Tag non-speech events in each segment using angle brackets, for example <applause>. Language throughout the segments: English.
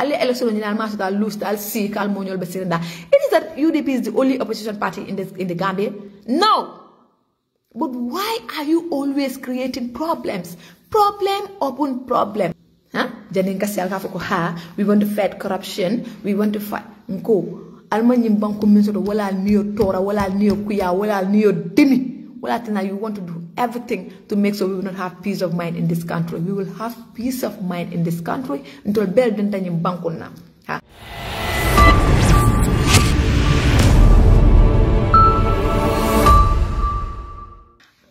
alle election ñi lose kal it is that UDP is the only opposition party in the in the Gambia no but why are you always creating problems problem upon problem huh ha we want to fight corruption we want to fight nko alma ñim banko min soto wala niyo tora wala niyo kuya wala niyo demi well, I think that you want to do everything to make sure we will not have peace of mind in this country. We will have peace of mind in this country until bell didn't bank on now.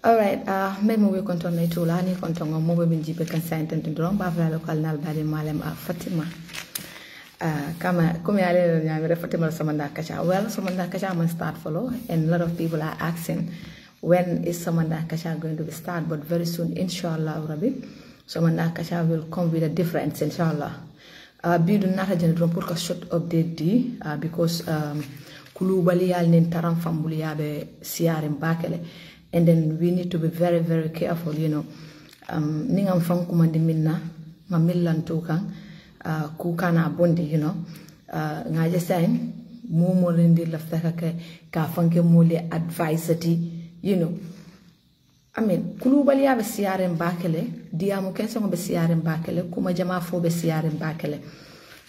alright uh, mbel mo we konton na itula ni konton mo be bin jibe kan sain tan dron ba fa lokal nal bade malem a uh, fatima uh, kama comme yale nyamere fatima samanda kacha well samanda kacha man start follow and a lot of people are asking when is Samanda Akasha going to be started, but very soon, inshallah, Rabbi, Samanda Akasha will come with a difference, inshallah. Uh, bidu nata jani drum short update di uh, because um, kulubali yal nin taram fambuli yabe bakele and then we need to be very very careful you know ningam um, ningam fankumandi minna ma millantu kukana uh, abundi. you know uh, ngaje sain mumolindi laftaka ka fanke mole advisati you know I mean globally, I've kulubaliya be siyaren bakele diyamu kensengo be siyaren bakele kuma jama fo be siyaren bakele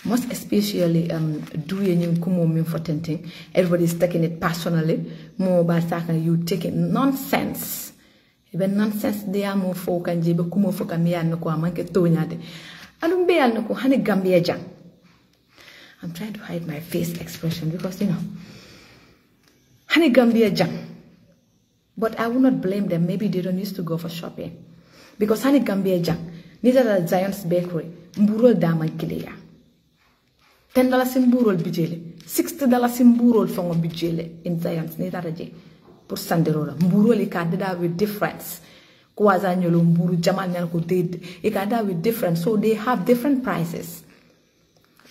most especially um duye ñing kumo min fotenting everybody's taking it personally mo ba saka you taking nonsense Even nonsense diyamu fo kanje be kumo fo kam yan ko amanke toñade alum be yal hani gambia jang I'm trying to hide my face expression because you know hani gambia jang but I will not blame them. Maybe they don't used to go for shopping. Because hani Gambia these neither the Giants Bakery, Mburol Dama Kilea. Ten dollars in Burol Bijele, sixty dollars in Burol Fongo Bijele in Giants, neither the pour sanderora mburu ka dada with difference kwaza nyolo mburu jamal nyal ko did with difference so they have different prices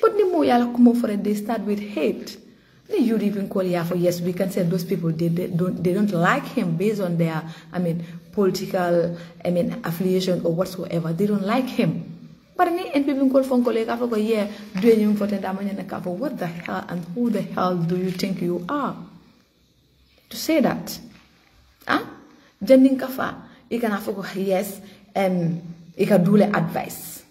but ni mo yalla ko mo fere they start with hate you even call here for yes, we can say those people they, they don't they don't like him based on their I mean political I mean affiliation or whatsoever. They don't like him. But ni and people call phone colleague after yeah, doing him for What the hell and who the hell do you think you are? To say that. Huh? Jending kafa, you can have yes, um you can do the advice.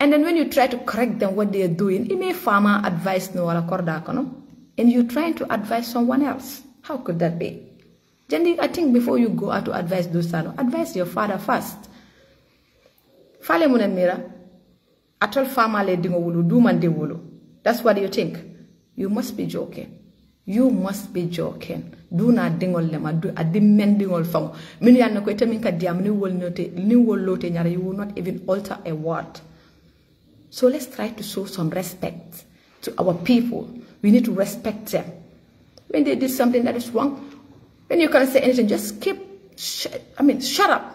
And then when you try to correct them what they are doing, it may farmer advice no or a and you're trying to advise someone else. How could that be? Generally, I think before you go out to advise Dusano, advise your father first. Fale mira atol famale dingowulu, mande wulu. That's what you think. You must be joking. You must be joking. Do na dingol lema, do a dimen dingol famo. Minu yan ko ite minka diam ni wol note, ni wol lote nyara, you will not even alter a word. So let's try to show some respect to our people. We need to respect them. When they did something that is wrong, when you can't say anything, just keep, I mean, shut up.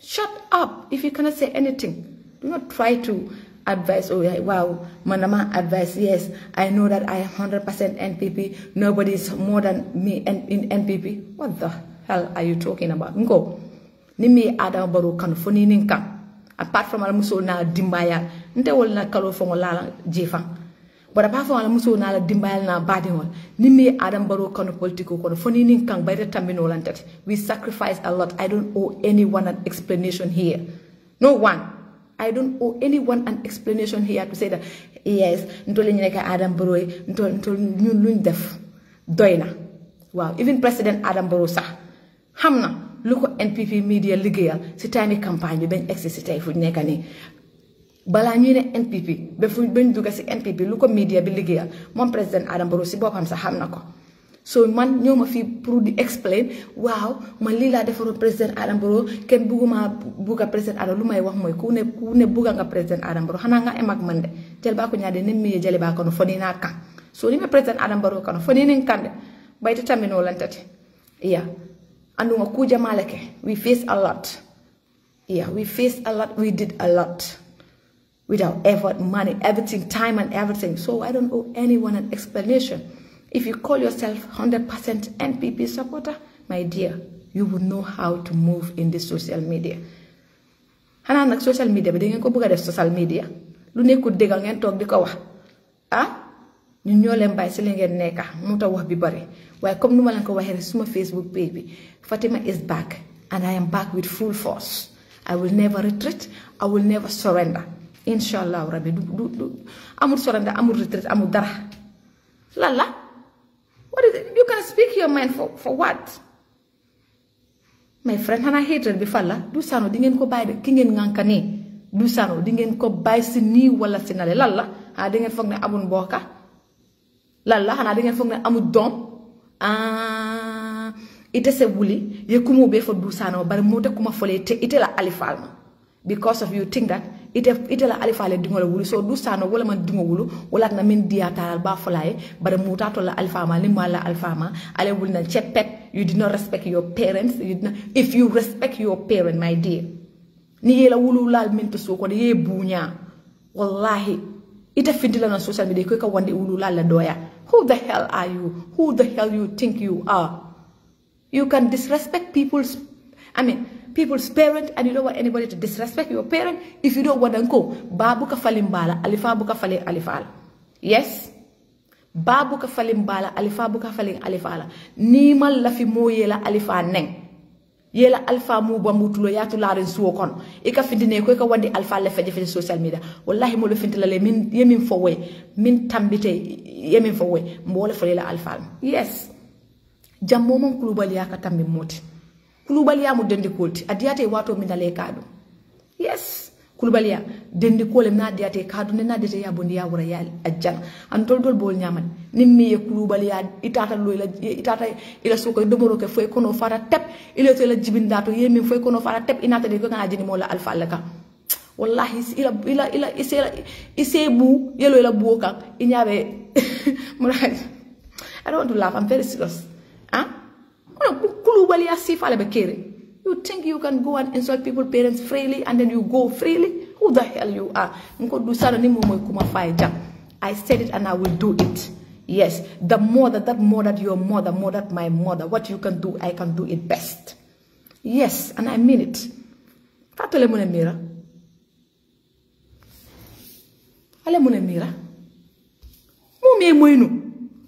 Shut up if you cannot say anything. Do not try to advise, oh, wow, Manama advice, yes, I know that I am 100% NPP, nobody is more than me in NPP. What the hell are you talking about? Go. Nimi Adam Baru Kanfoni Ninka. Apart from Almuso na Dimbaya, nte wol na kalo fo la jefa bara ba fo ala muso na la dimbayal na badi wol ni me adam baro kono politiko kono fo nin kan bayta tambino lan we sacrifice a lot i don't owe anyone an explanation here no one I don't owe anyone an explanation here to say that yes ntole ni neka adam baro ntol ntol ñun luñ def doyna waaw even president adam baro sa. Hamna. na npp media liggéeyal si time ben bi bañ egsi si fu ñu nekk bala ñuy ne NPP be fu bañ dugg si NPP lu ko media bi liggéeyal moom président adam Barrow si boppam sax xam na ko so man ñoma fi pour di explain waaw man lii laa defaroon président adam Barrow kenn bugguma bugga président adam lu may wax mooy ku ne ku ne bugga nga président adam Barrow xanaa nga em ak man de jël baa ko ñaade ne baa kono foni naa kan so ni ma président barou Barrow kono foni nin kan de bayta taminoo lantati iya. andu nga ku jamaale ke we face a lot iya, we face a lot we did a lot without effort, money, everything, time and everything. So I don't owe anyone an explanation. If you call yourself 100% NPP supporter, my dear, you will know how to move in this social media. Hana nag social media bi dangeen ko bëgg a social media lune nekkul dëgg ngeen toog di ko wax ah ñun ñoo leen bàyyi si li ngeen nekka moo tax wax nu ma ko waxee rek suma Facebook baby. Fatima is back and I am back with full force I will never retreat I will never surrender Inshallah, allahu rabbi du du du amul sorante amul retraite amul dara lan what is it you can speak your mind for for what my friend hana hater bi fan la du sano di ngeen ko bàyyi de ki ngeen ngànka nii du sano di ngeen ko bàyyi si ni wala si nale lan la xanaa di ngeen foog ne amul mbooka lan la xanaa di ngeen foog ne amul doom ite se wuli ye kumoo bee fa du sano bari moo kuma folee te ite la alifalma. because of you think that ite itela alifale dingola wulu so du sano wala man dingo wulu wala na min dia taral ba fulaye bare mutato la ma ni mala ma ale wul na chepet you did not respect your parents you did not, if you respect your parent my dear ni yela wulu la min to so ko ye bunya wallahi ite la na social media ko ka wande wulu la la doya who the hell are you who the hell you think you are you can disrespect people's i mean people's parent and you don't want anybody to disrespect your parent if you don't want to go babu ka falimbala alifa buka falin yes babu ka falimbala alifa buka falin alifala nimal la fi moyela alifa neng yela alfa mu ba mutulo yatu laren suwo kon e ka findine ko ka wandi le social media wallahi mo le fintala le min yemin fo we min tambite yemin fo we mo le fo le yes jammo mon kulubal ya ka tambi moti kulubaliya mu dendikol ti a diyata e kadu mindala e kaɗum yes kulubaliya dendikole na diyata e kaɗum ne na diyata ya bonde ya wura ya ajjana an tol tol bol ñamat nin mi ye kulubaliya itata lo ila itata ila soko domoro ke foy kono fara tep ila to ila jibindato ye min foy kono fara tep inata de ko kan ajini mo la alfa alaka wallahi ila ila ila ise ise bu yelo ila buo kan inyabe <laughs> I don't want to laugh. I'm very serious. Huh? Ah? You think you can go and insult people, parents freely, and then you go freely? Who the hell you are? I said it and I will do it. Yes, the more that that more that your mother, more that my mother, what you can do, I can do it best. Yes, and I mean it. Fatale mune mira. Ale mune mira. Mumie moinu.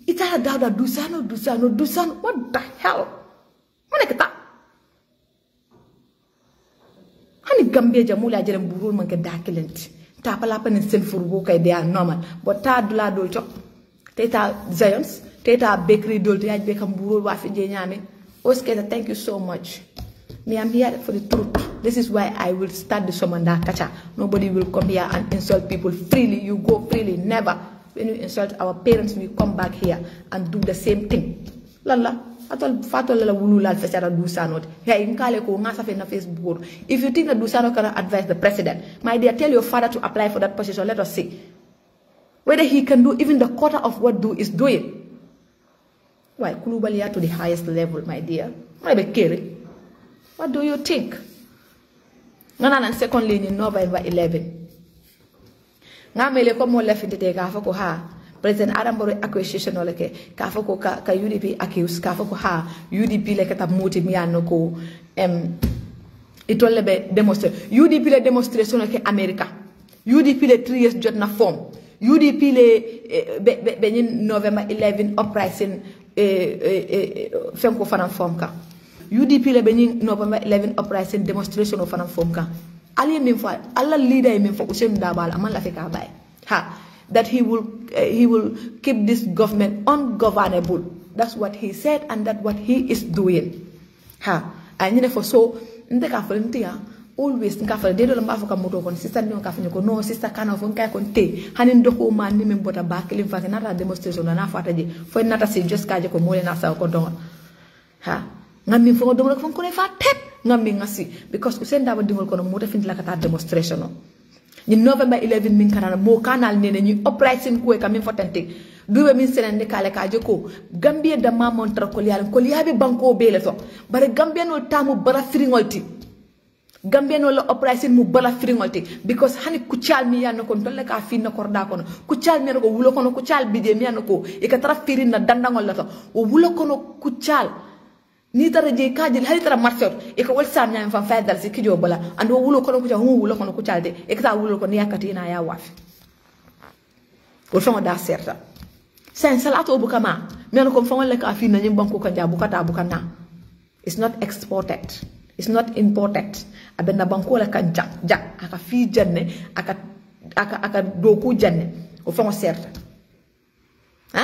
Itala dada dusano dusano dusano. What the hell? Mana ketak? Hani Gambia jamuli ajerem burul manke ke dakilent. Ta pala pen sen furgo kay they normal. But ta dula dol chok. Teta Zions, teta bakery dol ya be bekam burul wa fi jenyame. Osketa, thank you so much. Me, I'm here for the truth. This is why I will start the Somanda Kacha. Nobody will come here and insult people freely. You go freely, never. When you insult our parents, we come back here and do the same thing. Lala atol fatol la wululal fechara dusanot hey nkale ko ngasa fe na facebook if you think that dusano can advise the president my dear tell your father to apply for that position let us see whether he can do even the quarter of what do is doing why kulubalia to the highest level my dear maybe kere what do you think ngana nan secondly in november 11 ngamele ko mo lefinte te fa ko ha president adam boro accusation no leke ka fo ka, ka udp accuse ka foko ha udp leke ta muti mi yanno ko em itolle e be demonstre udp le demonstration ke america udp le 3 years jotna form udp le eh, be be, be november 11 uprising eh, eh, e, fenko fana form ka udp le be november 11 uprising demonstration fana form ka ali e min fa alla leader min fa usem dabal amal la fe ka bay ha that he will, uh, he will keep this government ungovernable. That's what he said and that's what he is doing. Ha. And for so, ndeka volunteer, always nka fala de dole mbafa kamoto kon sister ni nka fanyiko no sister kana fo nka kon te hanin do ko man ni min bota ba kelim fa nata demonstration na fata je fo nata si just ka je ko mole na sa ko don ha ngami fo don ko ko fa tep ngami ngasi because usen da ba dimol kono mo ta fin la kata demonstration no ñi november 11 min kana mo kanal nene ñi operation ko ka min fotante duwe min senande kale ka jeko gambie da ma montra ko yalla ko yabe banko be le to bare gambia no tamu bara firingolti gambie no la operation mu bala firingolti because hani ku cial mi yanno kon tolle ka fi na korda kono ku cial mi ko wulo kono ku cial bije mi yanno ko e ka tara firin na dandangol la to o wulo kono ku cial ni tara je ka kajil hali tara marcer e ko walsa nyam fam faadal si kijo bala ando wulo kono ko hu wulo kono kucalde e ka wulo ko kono yakati na ya waf fa fam da serta sen salato bu kama men ko fa wala ka fi na nyim banko ka kanja bu kata bu kana it's not exported it's not imported abena banko la kanja ja aka fi janne aka aka aka do ko janne ko fa fam serta ha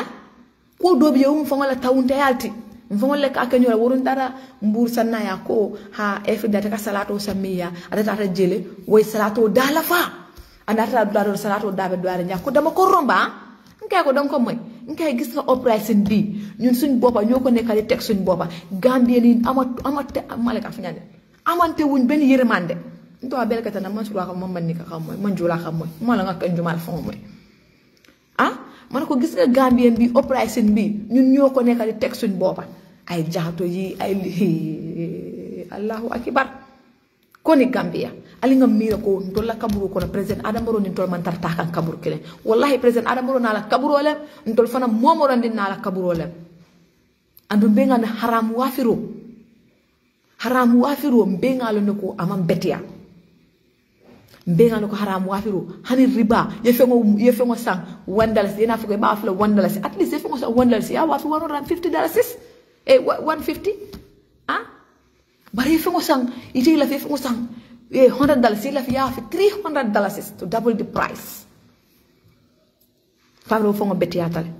ko do dobi yo fa wala tawunte yalti mfongole ka ke nyola wurun dara mbur sanna ya ko ha efi data ka salato samia adata ta jele way salato dala fa adata dula do salato dabe do nya ko dama ko romba nkay ko dam ko moy nkay gis na operation bi ñun suñ bopa ñoko nekkal tek suñ bopa gambien ni ama ama malaka fanyane amante wuñ ben yeremande ndo abel katana man sura ko man man ni ka xam moy man la xam moy mo la nga kan jumal fon moy ah man ko gis nga gambien bi operation bi ñun ñoo ko nekkal teg suñ booba ay jaxato yi ay allahu akbar koni gambia alinga mira ko ndolla kaburu kono president adam baro ni tol man tarta kan kaburu kelen wallahi president adam baro nala kaburu le ndol fana momoro ndin nala kaburu le andu benga na haram wafiru haram wafiru benga lo ne ko amam betia mbegano ko haram wafiru hani riba ye fengo ye fengo sang one dollars ina fuko ba fula one dollars at least ye fengo sang one dollars ya wafi 150 dollars eh 150 ah bari ye fengo sang ite la fe fengo sang eh 100 dollars la fi ya fi 300 dollars to double the price fabro fongo betiyatale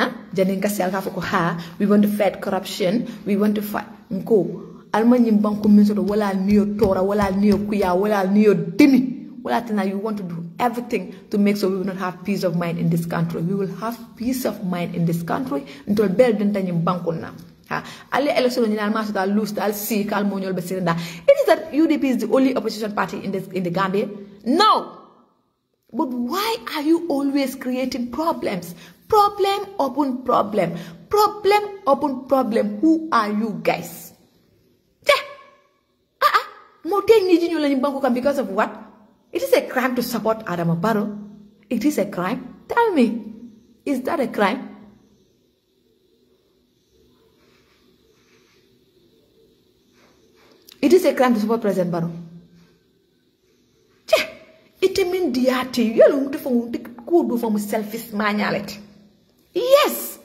ha janen kasi alka fuko ha we want to fight corruption we want to fight nko Almanyim Banku Minsoro, wala niyo Torah, wala niyo Kuya, wala niyo Dimi. Wala Tina, you want to do everything to make sure we will not have peace of mind in this country. We will have peace of mind in this country until Bell Dentanyim Banku na. Alle election in Almasota lose, I'll see Kalmoniol Besenda. It is that UDP is the only opposition party in, this, in the Gambia? No! But why are you always creating problems? Problem upon problem. Problem upon problem. Who are you guys? More needing you in because of what? It is a crime to support Adam Barrow. It is a crime. Tell me, is that a crime? It is a crime to support President Barrow. It means the ati yellow phone could from selfish manual. Yes,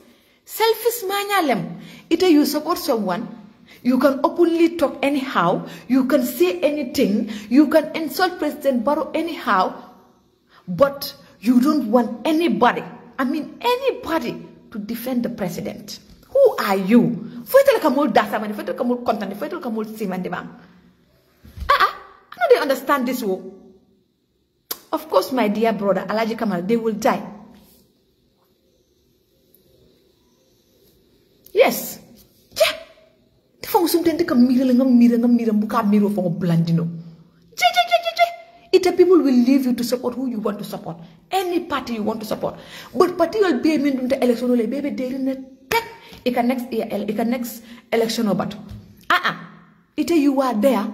selfish manual. It you support someone You can openly talk anyhow. You can say anything. You can insult President Barrow anyhow. But you don't want anybody, I mean anybody, to defend the president. Who are you? Fetal kamul dasamani, fetal kamul kontani, fetal kamul simandi bang. Ah, ah, I know they understand this war. Of course, my dear brother, Alaji Kamal, they will die. Yes sometimes they can mirror, mirror, mirror, mirror, mirror blandino. people will leave you to support who you want to support. Any party you want to support. But party will be in the election only. Baby, they didn't take. next year, it can next election or but. ah uh It you are there.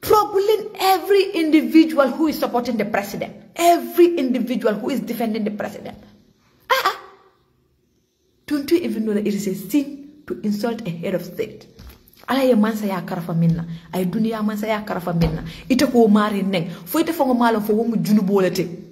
Troubling every individual who is supporting the president. Every individual who is defending the president. Ah ah, Don't you even know that it is a sin to insult a head of state ala ye mansa ya karafa minna ay duniya mansa ya karafa minna ite ko mari neng fo ite fo ngo malo fo wo mu junu bolete